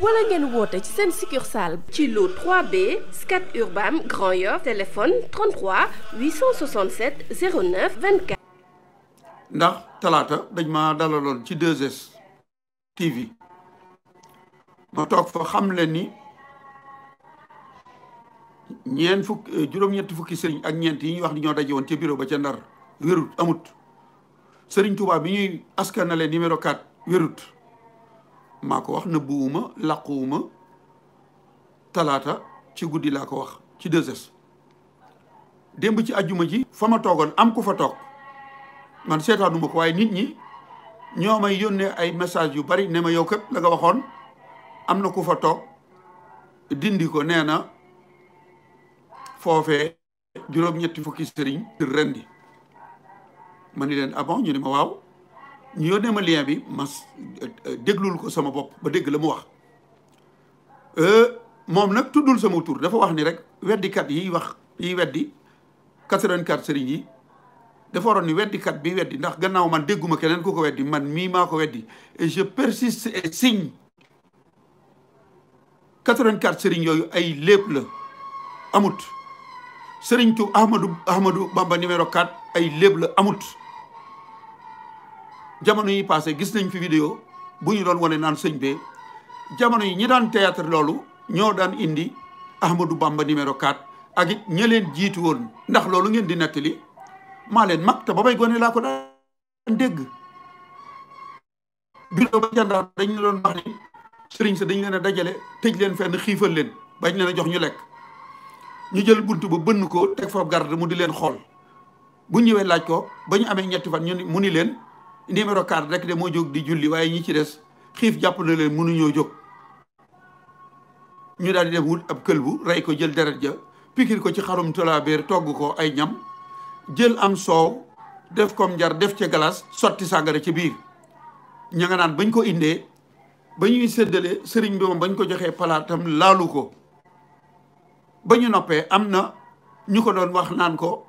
wala ngeen woote ci seen succursale ci lu 3B Scat Urbam Grand Yoff téléphone 33 867 ndax talaata dañ ma dalaloon ci 2S TV ma toog fa xam leen ni ñeen fukk eh, juróom-ñetti fukki sëriñ ak ñeent yi ñu wax ni ñoo daje woon ca bureau ba ca Ndar wérut amut sëriñ Touba bi ñuy askanale numéro 4 wérut. maa ko wax nëbbuwuma laquwuma talaata ci guddi laa ko wax ci deux heures démb ci ajjuma ji fa ma toogoon am ku fa toog man seetaanuma ko waaye nit ñi ñoo may yónnee ay message yu bari ne ma yow képp la nga waxoon am na ku fa toog dindi ko nee na foofee juróom-ñetti fukki sëriñ rendi ma ni leen ah bon ñu ne ma waaw ñu yónnee ma bi ma euh, déglul ko sama bopp ba dégg la mu wax euh, moom nag tuddul sama tur dafa wax ni rek weddikat yiy wax yiy weddi 84 sëriñ yi dafa waroon ni weddikat bi weddi ndax gannaaw man dégguma keneen ku ko weddi man mii maa ko weddi et je persiste et signe 84 sëriñ yooyu ay lépp la amut sëriñ tu Ahmadou Ahmadou Bamba numéro 4 ay lépp la amut jamono yi passé gis nañ fi vidéo bu ñu doon wane naan sëñ bee jamono yi ñi daan théâtre loolu ñoo daan indi Ahmadou bàmba numéro 4 ak it ña jiitu woon ndax loolu ngeen di nettali maa leen mag te ba may gone laa ko daan dégg bureau ba jandaar dañ doon wax ni sëriñ sa dañ leen a dajale tëj leen fenn xiifal leen bañ leen a jox ñu lekk ñu jël bunt ba bënn ko teg fa garde mu di leen xool bu ñëwee laaj ko ba ñu amee ñetti fan ñu mu ni leen numéro 4 rek de moo jóg di julli waaye ñi ci des xiif jàpp na leen mënuñoo jóg ñu daal di dem wut ab këlbu rey ko jël deret ja pikir ko ci xarum tolaabeer togg ko ay ñam jël am soow def comme njar def ca galas sotti sàngara ci biir ña nga naan bañ ko indee ba ñuy séddale sëriñ bi moom bañ ko joxee palaatam laalu ko ba ñu noppee am na ñu ko doon wax naan ko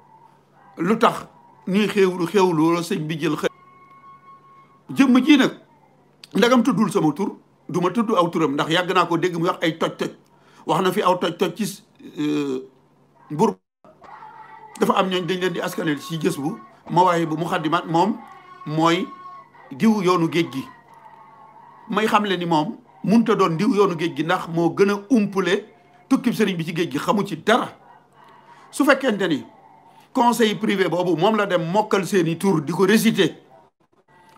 lu tax ñuy xéewlu xéewlu la sëñ bi jël jëmm jii nag ndagam tuddul sama tur du ma tudd aw turam ndax yàgg naa ko dégg mu wax ay toj-toj wax na fi aw toj-toj ci euh, mbur dafa am ñooñ dañ leen di askanel ci gës bu ma waaye bu mu xaddimaat moom mooy diw yoonu géej gi may xam le ni moom munta doon diw yoonu géej gi ndax moo gën a umpule tukkib sëriñ bi ci géej gi xamu ci dara su fekkente ni conseil privé boobu moom la dem mokkal seeni tur di ko résité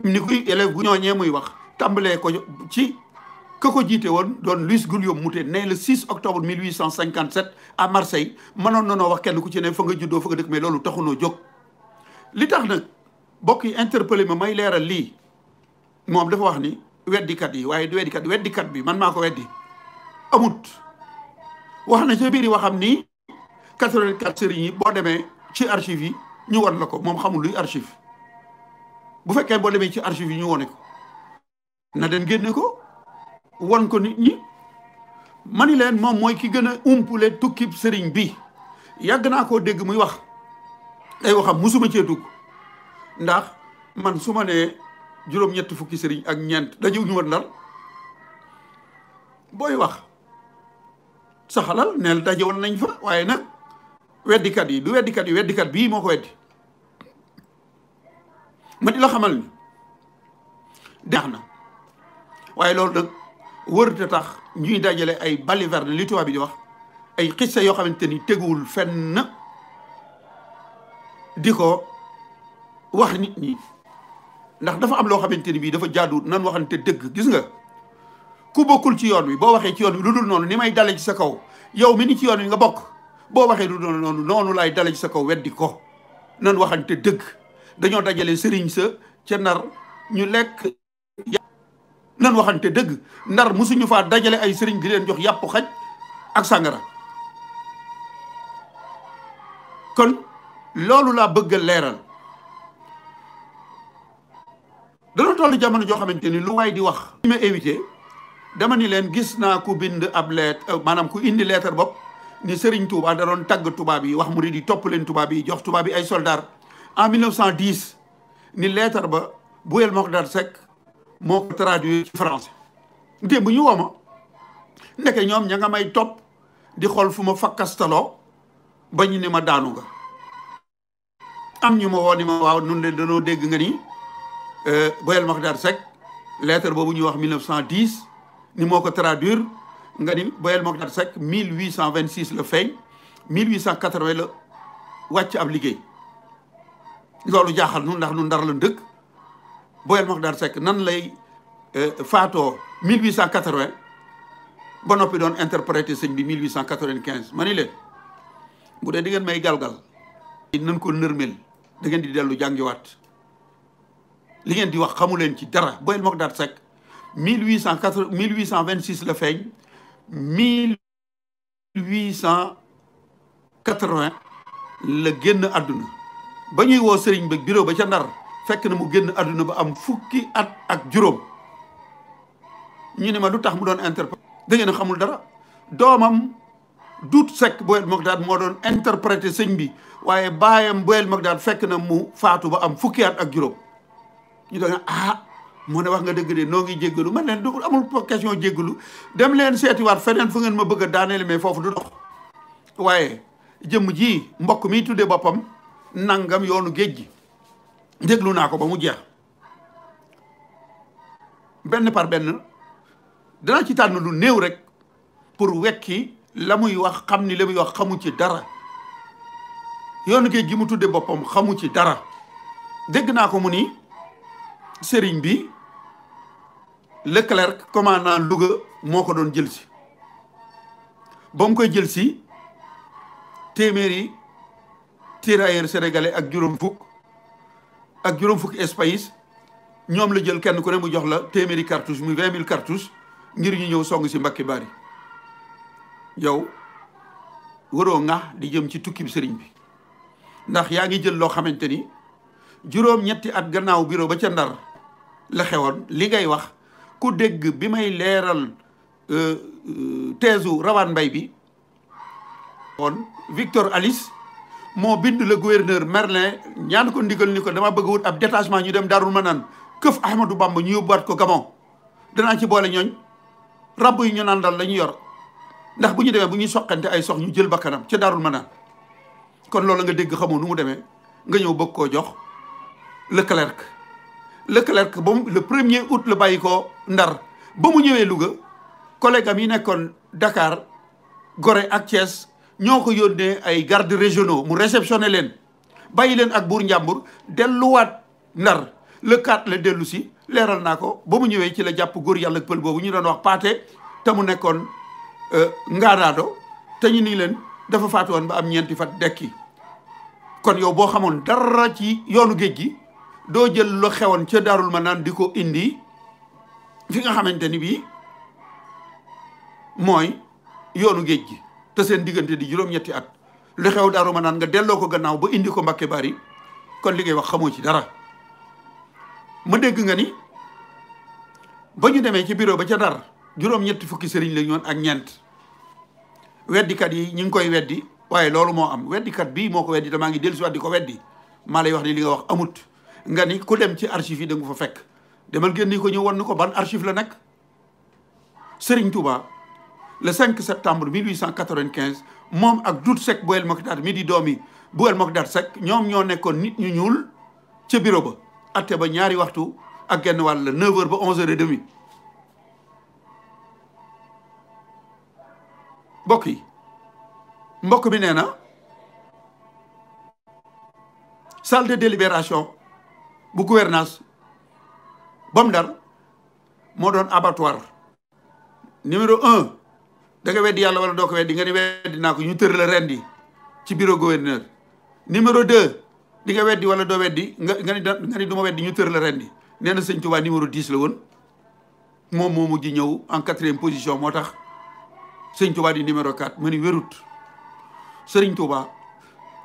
ni kuy élève bu ñooñee muy wax tàmbalee ko ci ka ko jiite woon doon Louis Guillaume Moutet né le 6 octobre 1857 à Marseille mënoon na noo wax kenn ku ci ne fa nga juddoo fa nga dëkk mais loolu taxunoo jóg li tax nag bokk yi interpellé ma may leeral lii moom dafa wax ni weddikat yi waaye weddikat weddikat bi man maa ko weddi amut wax na ca biir yi waxam ni 84 sëriñ yi boo demee ci archive yi ñu wan la ko moom xamul luy archive bu fekkee boo demee ci archive yi ñu wone ko na den génne ko won ko nit ñi mani leen moom mooy ki gën a umpule tukkib sëriñ bi yàgg naa koo dégg muy wax ay waxam musuma cee dugg ndax man suma ma nee juróom-ñetti fukki sëriñ ak ñeent dañu ñu woon booy wax saxalal neel daje woon nañ fa waaye nag weddikat yi du weddikat yi weddikat bii moo ko weddi ma di la xamal ni deex na waaye loolu nag wërta tax ñuy dajale ay baliverne li tubaab bi di wax ay xissa yoo xamante ni teguwul fenn di ko wax nit ñi ndax dafa am loo xamante ni bii dafa jaaduwut nan waxante dëgg gis nga ku bokkul ci yoon wi boo waxee ci yoon wi lu dul noonu ni may dale ci sa kaw yow mi ni ci yoon wi nga bokk boo waxee lu dul noonu noonu laay dale ci sa kaw weddi ko nan waxante dëgg dañoo dajale sëriñ sa ca ndar ñu lekk nan waxante dëgg ndar musuñu faa dajale ay sëriñ di leen jox yàpp xaj ak sàngara kon loolu laa bëgg a leeral dana toll jamono joo xamante ni lu waay di wax ñi ma invité dama ni leen gis naa ku bind ab leet euh, maanaam ku indi leetar bopp ni sëriñ Touba da doon tagg tubaab yi wax murid yi topp leen tubaab yi jox tubaab yi ay soldaar en 1910 ni leetar ba Bouyel Mokdar Seck moo ko traduit ci français démb ñu woo ma ndeke ñoom ña nga may topp di xool fu ma fakkastaloo ba ñu ne ma daanu nga am ñu ma woo ni ma waaw nun leen danoo dégg nga ni euh, Boyel Makhdar Seck lettre boobu ñuy wax 1910 ni moo ko traduire nga mille Boyel Makhdar Seck 1826 la feeñ 1880 la wàcc ab liggéey loolu jaaxal nu ndax nu ndar la dëkk Boyel Makhtar sekk nan lay euh, faatoo 1880 ba noppi doon interprété sëñ bi 1895 ma ni leen bu dee di may galgal nan ko nërmel dangeen di dellu jàngiwaat li ngeen di wax xamu leen ci dara Boyel Makhtar Seck 1880 1826 la feeñ 1880 la génn àdduna ba ñuy woo sëriñ ba bureau ba ca ndar fekk na mu génn àdduna ba am fukki at ak juróom ñu ne ma lu tax mu doon interprète da ngeen xamul dara doomam duut sekk boyel Mogdaad moo doon interprété sëñ bi waaye baayam boyel Mogdaad fekk na mu faatu ba am fukki at ak juróom ñu doon ah ne wax nga dëgg noo ngi jéggalu man leen du amul question jéggalu dem leen waat feneen fu ngeen ma bëgg a daaneel foofu du dox waaye jëmm ji mbokk mi tuddee boppam nangam yoonu géej gi déglu naa ko ba mu jeex benn par benn danaa ci tànn lu néew rekk pour wekki la muy wax xam ni la muy wax xamu ci dara yoonu géej gi mu tuddee boppam xamu ci dara dégg naa ko mu ni sëriñ bi Leclerc commandant Louga moo ko doon jël si ba mu koy jël si téeméeri tirailleurs sénégalais ak juróom fukk ak juróom fukk espace ñoom la jël kenn ku ne mu jox la téeméeri cartouche mu vingt mille ngir ñu ñëw song si mbakki Bari yow waroo nga di jëm ci tukki sëriñ bi ndax yaa ngi jël loo xamante ni juróom ñetti at gannaaw bureau ba ca ndar la xewoon li ngay wax ku dégg bi may leeral euh, euh, teesu rawaan mbay bi woon Victor Alice moo bind le gouverneur Merlin ñaan ko ndigal ni ko dama bëgg wut ab détachement ñu dem daarul Manaan këf Ahmadou Bamba ñu yóbbuwaat ko Gabon danaa ci boole ñooñ rabb yi ñu naan dal la ñu yor ndax bu ñu demee bu ñuy soqante ay sox ñu jël bakkanam ca Darul Manaan kon loolu nga dégg xamoo nu mu demee nga ñëw bëgg koo jox Leclerc Leclerc ba mu le premier août la bàyyi ko Ndar ba mu ñëwee Louga collègue yi nekkoon Dakar Gorée ak Thiès ñoo ko yónnee ay gardes régionaux mu réceptionné leen bàyyi leen ak buur njàmbur delluwaat ndar le 4 la dellu si leeral naa ko ba mu ñëwee ci la jàpp góor yàlla pël boobu ñu doon wax paate te mu nekkoon euh, ngaanaado te ñu ni leen dafa faatu woon ba am ñeenti fat dekki kon yow boo xamoon dara ci yoonu géej gi doo jël lu xewoon ca daarul ma naan di ko indi fi nga xamante ni bii mooy yoonu géej gi te seen diggante di juróom-ñetti at lu xew daaru ma naan nga delloo ko gannaaw ba indi ko Mbàkke Bari kon li ngay wax xamoo ci dara ma dégg nga ni ba ñu demee ci bureau ba ca Ndar juróom-ñetti fukki sëriñ la ñoon ak ñeent weddikat yi ñu ngi koy weddi waaye loolu moo am weddikat bii moo ko weddi te maa ngi dellusiwaat di ko weddi maa lay wax ni li nga wax amut nga ni ku dem ci archive yi da fa fekk demal génni ko ñu won ni ko ban archive la nekk Sëriñ Tuubaa le 5 septembre 1895 moom ak Dut Seck Boel Moktar mi di doomi Boel Moktar sekk ñoom ñoo nekkoon nit ñu ñuul ca bureau ba atte ba ñaari waxtu ak genn wàll la 9h ba 11 mbokk yi mbokk bi nee na salle de délibération bu gouvernance bam dar moo doon abattoir numéro da nga yàlla wala doo ko weddi nga ni weddi naa ko ñu tër la ren di ci bureau gouverneur numéro deux di nga weddi wala doo weddi nga nga ni nga ni ñu tër la ren di nee na sëñ Tuubaa numéro la woon moom moo ji ñëw en quatrième position moo tax sëñ Tuubaa di numéro quatre ma ni wérut sëriñ Tuubaa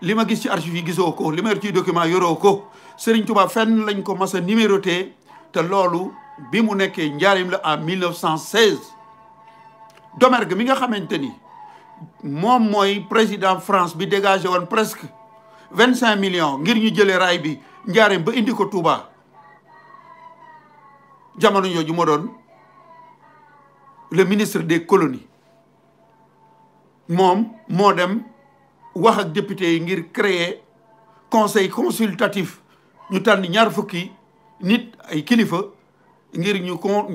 li ma gis ci archive yi gisoo ko li ma yor ci document yoroo ko sëriñ Tuubaa fenn lañ ko mas a numéroté te loolu bi mu nekkee njaarim la en 1916 Domergue mi nga xamante ni moom mooy président France bi dégagé woon presque vingt cinq millions ngir ñu jëlee raay bi njaareem ba indi ko Touba jamono jooju moo doon le ministre des colonies moom moo dem wax ak député yi ngir créer conseil consultatif ñu tànn ñaar fukki nit ay kilifa ngir ñu con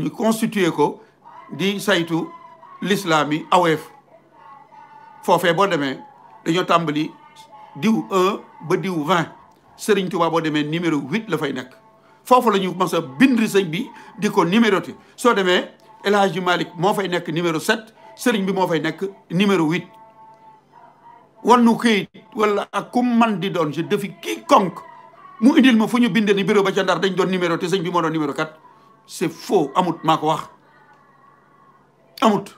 ko di saytu l'islam yi aweef foofee boo demee dañoo tàmbali diw un ba diw vingt Serigne Touba boo demee numéro huit la fay nekk foofu la ñu mas a bind sëñ bi di ko numéroté soo demee El Hadji moo fay nekk numéro sept sëriñ bi moo fay nekk numéro huit war nu këyit wala ak ku man di doon je défie quiconque mu indil ma fu ñu bindee ni bureau ba ca Ndar dañ doon numéro te sëñ bi moo doon numéro 4 c'est faux amut maa ko wax amut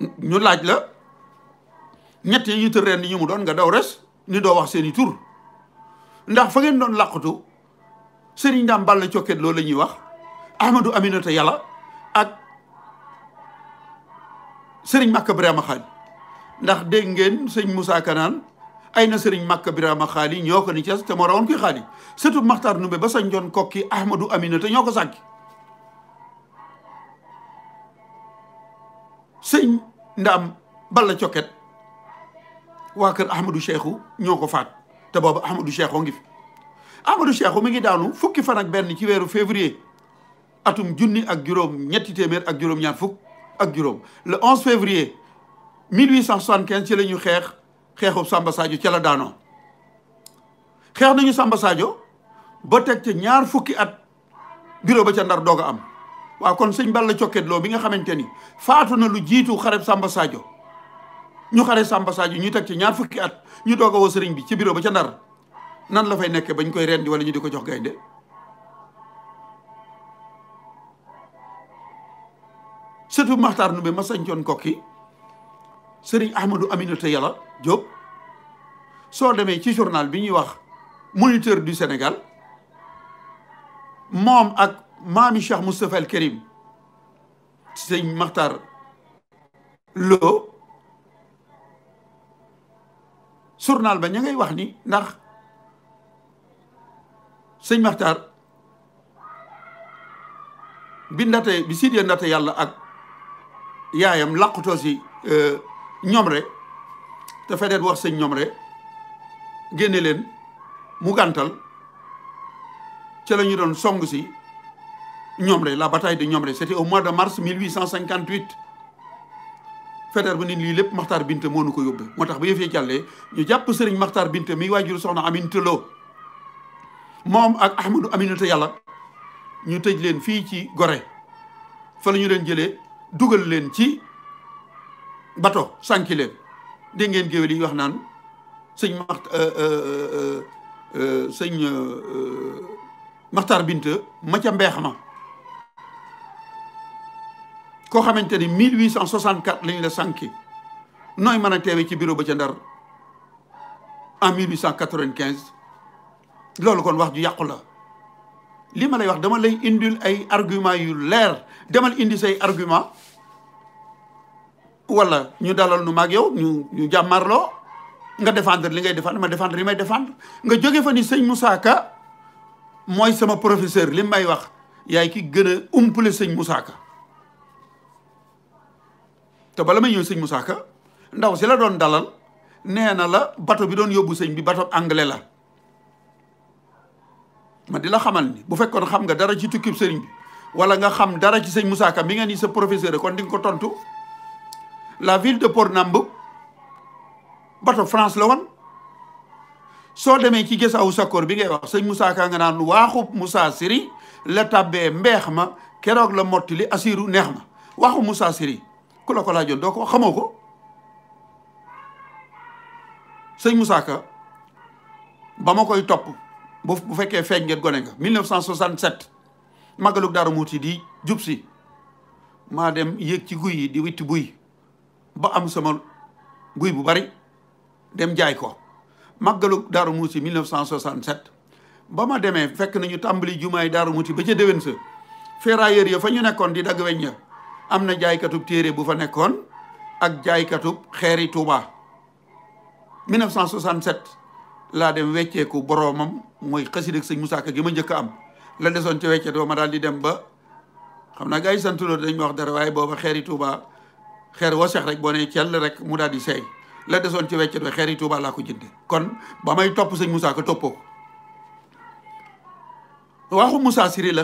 ñu laaj la ñett yi ñu tër reen ñu mu doon nga daw res ni doo wax seeni i tur ndax fa ngeen doon làqatu sëriñ Ndaam Balla Cokket loolu la ñuy wax Ahmadou Aminata Yàlla ak sëriñ Màkka Birama Xaali ndax dégg ngeen sëñ Moussa Kanaan ay na sëriñ Màkka Birama Xaali ñoo ko ni cas te moo rawoon kuy xaali surtout Maxtaar Numbe ba sañ doon kokki Ahmadou Aminata ñoo ko sànki nda am balla coket waa kër ahmadou cheikhou ñoo ko faat te boobu ahmadou cheikhou ngi fi ahmadou cheikhou mi ngi daanu fukki fan benn ci weeru février atum junni ak juróom ñetti téeméer ak juróom ñaar fukk ak juróom le 11 février ci la ñu xeex xeexu Samba Sadio ca la daanoo xeex nañu Samba Sadio ba teg ca ñaar fukki at bureau ba ca ndar doog am waaw kon sëñ Balla Coket Lo bi nga xamante ni faatu na lu jiitu xareb Samba Sadio ñu xare Samba Sadio ñu teg ci ñaar fukki at ñu doog sëriñ bi ci biro ba ca Ndar nan la fay nekkee bañ koy rendi wala ñu di ko jox gaynde surtout Maxtaar Ndumbe ma sañcoon kokki sëriñ Ahmadou Aminata yala Diop soo demee ci journal bi ñuy wax moniteur du Sénégal moom ak maami Cheikh Moustapha al Karim sëñ Maxtar Lo journal ba ña ngay wax ni ndax sëñ Maxtar bi ndate bi sidee ndate yàlla ak yaayam làqutoo si euh, ñoom rek te fedeet wax sëñ ñoom génne leen mu gàntal ca la ñu doon song si ñoom Ñomre la bataille de Ñomre c'était au mois de mars 1858 Faidherbe bu ni lii lépp Maxtaar Binte moo nu ko yóbbee moo tax ba yëfee jàllee ñu jàpp sëriñ Maxtaar Binte mi waajur soxna Aminata Lo moom ak Ahmadou Aminata Yàlla ñu tëj leen fii ci gore fa la ñu leen jëlee dugal leen ci bato sànki leen dégg ngeen géwél yi wax naan sëñ Maxt euh, euh, euh, sëñ Maxtaar Binte ma ca mbeex ma koo xamante ni 1864 la ñu la sànki nooy mën a teewe ci bureau ba ca ndar en 1895 loolu kon wax ju yàqu la li ma lay wax dama lay indil ay argument yu leer demal indi say argument wala ñu dalal nu maag yow ñu ñu nga défendre li ngay défendre ma défendre li may défendre nga jóge fa ni sëñ Moussa Ka mooy sama professeur li may wax yaay ki gën a umpale sëñ Moussa Ka te bala may ñëw sëñ Moussa ndaw si la doon dalal nee na la bato bi doon yóbbu sëñ bi bato anglais la ma di la xamal ni bu fekkoon xam nga dara ci tukkib sëriñ bi wala nga xam dara ci sëñ Moussa Ka mi nga ni sa professeur kon di nga ko tontu la ville de Port Nambour bato France la woon soo demee ci gësaawu sakkoor bi ngay wax sëñ Moussa Ka nga naan waaxu Moussa Siri la tabbee mbeex ma keroog la motti mottili asiru neex ma waxu Moussa Siri ku la doo ko xamoo ko sëñ Moussa ba ma koy topp bu bu fekkee feeñ ngeen gone nga 1967 màggalug Daaru Muuti di jub si maa dem yéeg ci guy yi di witti buy ba am sama guy bu bari dem jaay ko màggalug Daaru Muuti 1967 ba ma demee fekk nañu tàmbali yi Daaru Muuti ba ca déwén sa ferrailleur ya fa ñu nekkoon di dagg weñ ya am na jaaykatub téere bu fa nekkoon ak jaaykatub xeeri Touba 1967 laa dem wecceeku boroomam mooy xasida ak sëñ Moussa gi ma njëkk a am la desoon ca wecce doo ma daal di dem ba xam naa gars yi sant loolu wax dara waaye booba xeeri Touba xeer wa sex rek boo ne cell rek mu daal di seey la desoon ci wecce doo xeeri Touba laa ko jënde kon ba may topp sëñ Moussa Ka toppoo waxu Moussa Siri la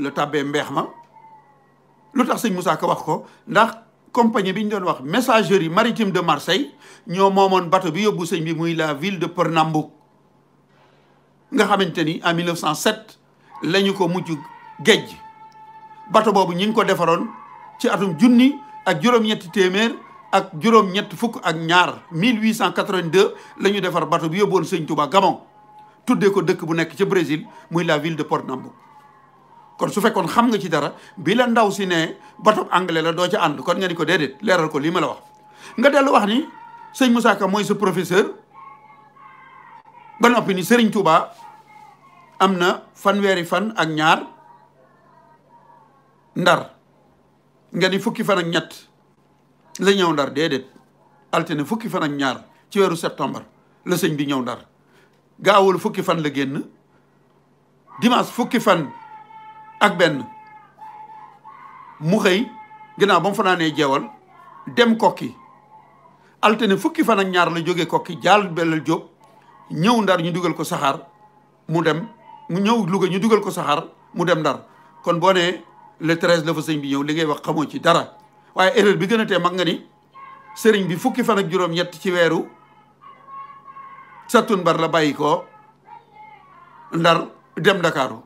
la tàbbee mbeex ma lu tax sëñ Moussa ko wax ko ndax compagnie bi ñu doon wax messagerie maritime de Marseille ñoo moomoon bateau bi yóbbu sëñ bi muy la ville de Pernambouc nga xamante ni en 1907 la ñu ko mujj géej bato boobu ñi ngi ko defaroon ci atum junni ak juróom-ñetti téeméer ak juróom-ñett fukk ak ñaar 1882 la ñu defar bateau bi yóbbuwoon sëñ Touba Gabon tuddee ko dëkk bu nekk ci Brésil muy la ville de Pernambouc kon su fekkoon xam nga ci dara bi ndaw si ne batab anglais la doo ca ànd kon nga ni ko déedéet leeral ko lii ma la wax nga dellu wax ni sëñ Moussa Ka mooy sa professeur ba noppi ni Serigne Touba am na fanweeri fan ak ñaar ndar nga ni fukki fan ak ñett la ñëw ndar déedéet altine fukki fan ñaar ci weeru septembre la sëñ bi ñëw ndar gaawul fukki fan la génn dimanche fukki fan ak benn mu xëy ginnaaw ba mu fanaanee jeewal dem kokki altine fukki fan ak ñaar la jógee kokki jaal belal jóob ñëw ndar ñu dugal ko saxaar mu dem mu ñëw Louga ñu dugal ko saxaar mu dem ndar kon boo nee le treize la sëñ bi ñëw li ngay wax xamoo ci dara waaye erreur bi gën tee mag nga ni sëriñ bi fukki fan ak juróom-ñett ci weeru sattunbar la bàyyi ko ndar dem Ndakaaru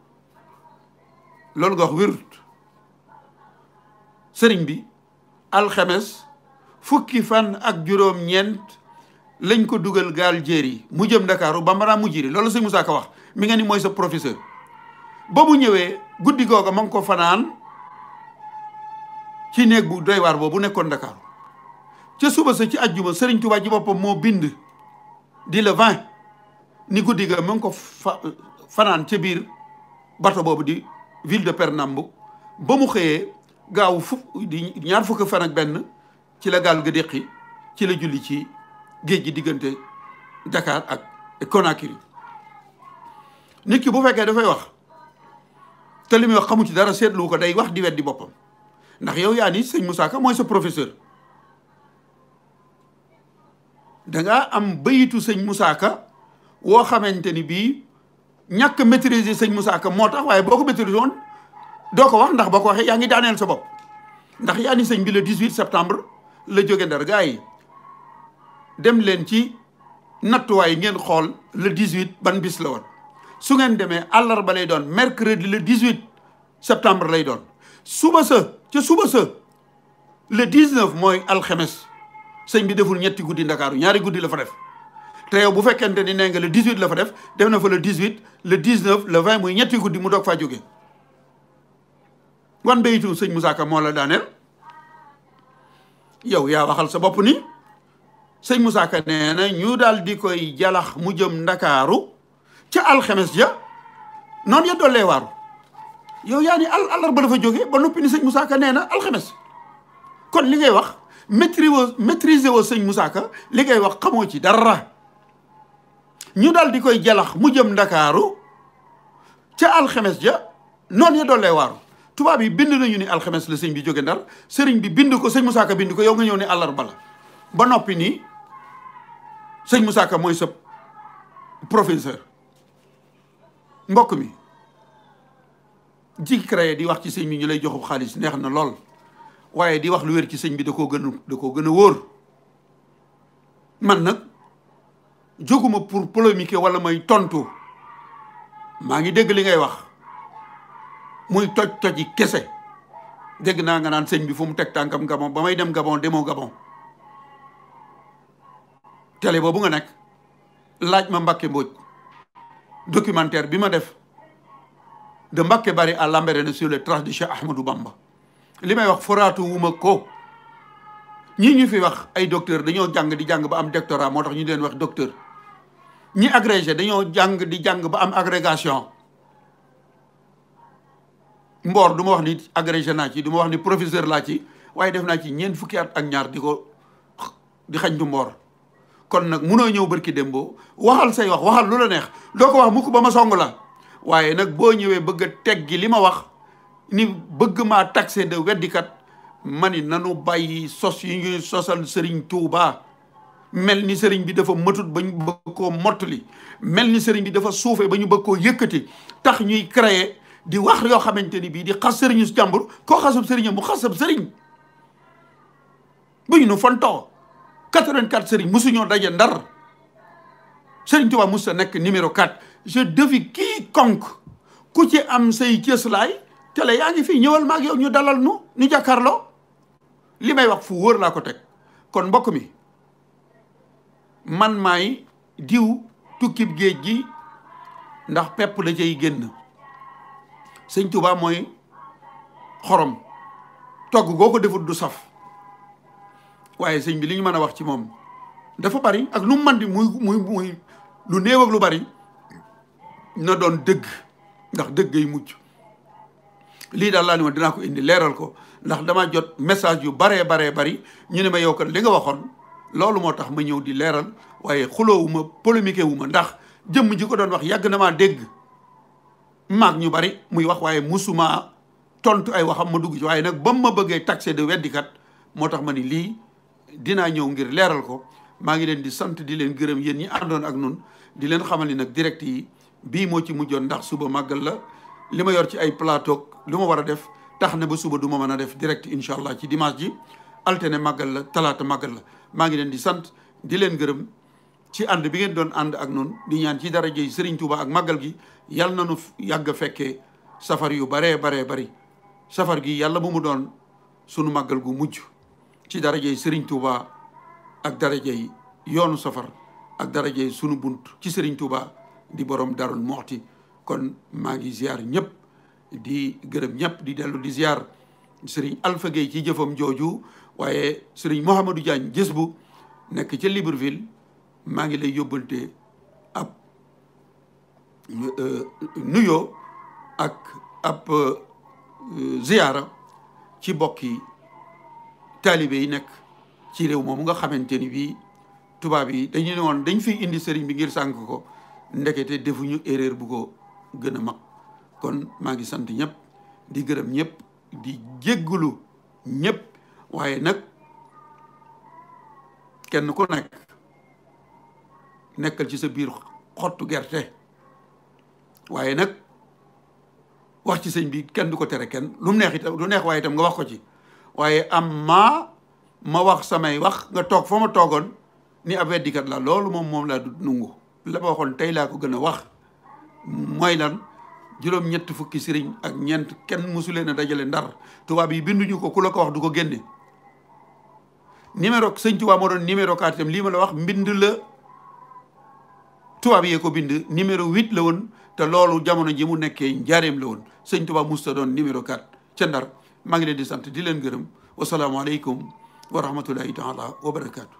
loolu nga wax wérut sëriñ bi alxemes fukki fan ak juróom-ñeent lañ ko dugal gaal jéer yi mu jëm ndakaaru bambara mu jiri loolu sëñ Moussa Ka wax mi nga ni mooy sa professeur ba mu ñëwee guddi googa ma ngi ko fanaan ci néeg bu doy waar boobu nekkoon ndakaaru ca suba sa ci ajjuma sëriñ Tuubaa ci boppam moo bind di le ni guddi ga ma ko fanaan ca biir bato boobu di ville de Pernambouc ba mu xëyee gaaw fu di ñaar fukk fan benn ci la gaal ga déqi ci la julli ci géej gi diggante Dakar ak Conakry nit ki bu fekkee dafay wax te li muy xamu ci dara seetlu ko day wax di di boppam ndax yow yaa ni sëñ Moussa mooy sa professeur danga am bayitu sëñ Moussa woo xamante ni bii ñàkk maîtriser sëñ Moussa Ka moo tax waaye boo ko maîtriser woon doo ko wax ndax boo ko waxee yaa ngi daaneel sa bopp ndax yaa ni sëñ bi le 18 septembre la jóge ndar gars yi dem leen ci nattuwaay ngeen xool le 18 ban bis la woon su ngeen demee àllarba lay doon mercredi le 18 septembre lay doon suba sa ca suba sa le 19 mooy alxemes sëñ bi deful ñetti guddi ndakaaru ñaari guddi la fa def te yow bu fekkente ni nee nga le 18 la fa def def na fa le 18 le 19 le 20 muy ñetti guddi mu doog faa jóge wan bayitu sëñ Moussa Ka yow yaa waxal sa bopp ni sëñ Moussa Ka nee daal di koy jalax mu jëm ndakaaru ca alxemes ja noonu ya dollee waaru yow yaa ni al àllarba la fa jóge ba noppi ni sëñ Moussa Ka nee na alxemes kon li ngay wax maîtriser woo maîtriser woo sëñ Moussa li ngay wax xamoo ci dara ñu dal di koy jalax mu jëm ndakaaru ca alxemes ja noon noonu ya lay waaru tubaab yi bind nañu ni alxemes la sëñ bi jóge ndar sëriñ bi bind ko sëñ Moussa Ka bind ko yow nga ñëw ni àllarba la ba noppi nii sëñ musaaka mooy sa professeur mbokk mi ji créé di wax ci sëñ bi ñu lay joxub xaalis neex na lool waaye di wax lu wér ci sëñ bi da koo gën da koo gën a wóor man nag jóguma pour polémiquer wala may tontu maa ngi dégg li ngay wax muy toj toj yi kese dégg naa nga naan sëñ bi fu mu teg tànkam Gabon ba may dem Gabon demoo Gabon télé boobu nga nekk laaj ma Mbacke Mbodj documentaire bi ma def de Mbacke Bari à Lambaréné sur les traces de Cheikh Ahmadou Bamba li may wax foraatu wuma ko ñii ñu fi wax ay docteur dañoo jàng di jàng ba am doctorat moo tax ñu leen wax docteur ñi agrégé dañoo jàng di jàng ba am agrégation mboor du ma wax ni agrégé naa ci du ma wax ni professeur laa ci waaye def naa ci ñeent fukki at ak ñaar di ko di xañtu mboor kon nag munoo ñëw barki démboo waxal say wax waxal lu la neex doo ko wax mukk ba ma song la waaye nag boo ñëwee bëgg a teggi li ma wax ni bëgg maa taxé de weddikat ma ni nanu bàyyi sos yi ñuy sosal Sëriñ Tuubaa mel ni sëriñ bi dafa matut ba ñu bëgg koo mottali mel ni sëriñ bi dafa suufee ba ñu bëgg koo yëkkati tax ñuy créer di wax yoo xamante ni bii di xas sëriñu jàmbur koo xasub sëriñam mu xasab sëriñ bu ñu nu fontoo 84 sëriñ mosuñoo daje ndar sëriñ Tuubaa mos sa nekk numéro 4 je défie quiconque ku ci am say cëslaay télé yaa ngi fii ñëwal maag yow ñu dalal nu ñu jàkkaarloo li may wax fu wóor laa ko teg kon mbokk mi man maay diw tukkib géej gi ndax pepp da cay génn sëñ Tuubaa mooy xorom togg goo ko defut du saf waaye sëñ bi li ñu mën a wax ci moom dafa bari ak lu mu di muy muy lu néew lu bari na doon dëgg ndax dëgg ay mucc lii daal laa ni ma dinaa ko indi leeral ko ndax dama jot message yu baree baree bari ñu ne ma yow li nga waxoon loolu moo tax ma ñëw di leeral waaye xuloowuma polémique wu ma ndax jëmm ji ko doon wax yàgg na maa dégg maag ñu bari muy wax waaye musuma tontu ay waxam ma dugg ci waaye nag ba mu ma bëggee taxé di weddikat moo tax ma ni lii dinaa ñëw ngir leeral ko maa ngi leen di sant di leen gërëm yéen ñi àndoon ak nun di leen xamal ni nag direct yi bii moo ci mujjoon ndax suba màggal la li ma yor ci ay plateau lu ma war a def tax na ba suba du ma mën a def direct incha allah ci dimanche ji altine màggal la talaata màggal la maa ngi leen di sant di leen gërëm ci ànd bi ngeen doon ànd ak noonu di ñaan ci daraje yi Serigne Touba ak màggal gi yàlla na nu yàgg fekkee safar yu baree baree bari safar gi yàlla bu mu doon sunu màggal gu mujj ci daraje sëriñ Serigne Touba ak daraje yi yoonu safar ak daraje sunu bunt ci sëriñ Touba di boroom Darou Mouhty kon maa ngi ziar ñëpp di gërëm ñëpp di dellu di ziar Serigne Alpha ci jëfam jooju. waaye sëriñ Mouhamadou Diagne gis bu nekk ca Libreville maa ngi lay yóbbante ab euh, nuyo ak ab euh, ziyaara ci bokki taalibe yi nekk ci réew moomu nga xamante ni bii tubaab yi dañu ne woon dañ fi indi sëriñ bi ngir sànk ko ndekete defuñu erreur bu ko gën a mag kon maa ngi sant ñëpp di gërëm ñëpp di jéggulu ñëpp waaye nag kenn ku nekk nekkal ci sa biir xottu gerte waaye nag wax ci sëñ bi kenn du ko tere kenn lu mu neex itam lu neex waaye itam nga wax ko ci waaye am maa ma wax samay wax nga toog foo ma toogoon ni ab weddikat la loolu moom moom laa du nungu la ma waxoon tey laa ko gën a wax mooy lan juróom ñett fukki sëriñ ak ñeent kenn mosu leen a dajale ndar tubaab yi binduñu ko ku la ko wax du ko génne numéro sëñ Tuubaa moo doon numéro quatre itam lii ma la wax mbind la tubaab yee ko bind numéro huit la woon te loolu jamono ji mu nekkee njaareem la woon sëñ Tuubaa musta doon numéro quatre ca Ndar maa ngi leen di sant di leen gërëm wasalaamaaleykum wa rahmatullahi taala wa barakaatu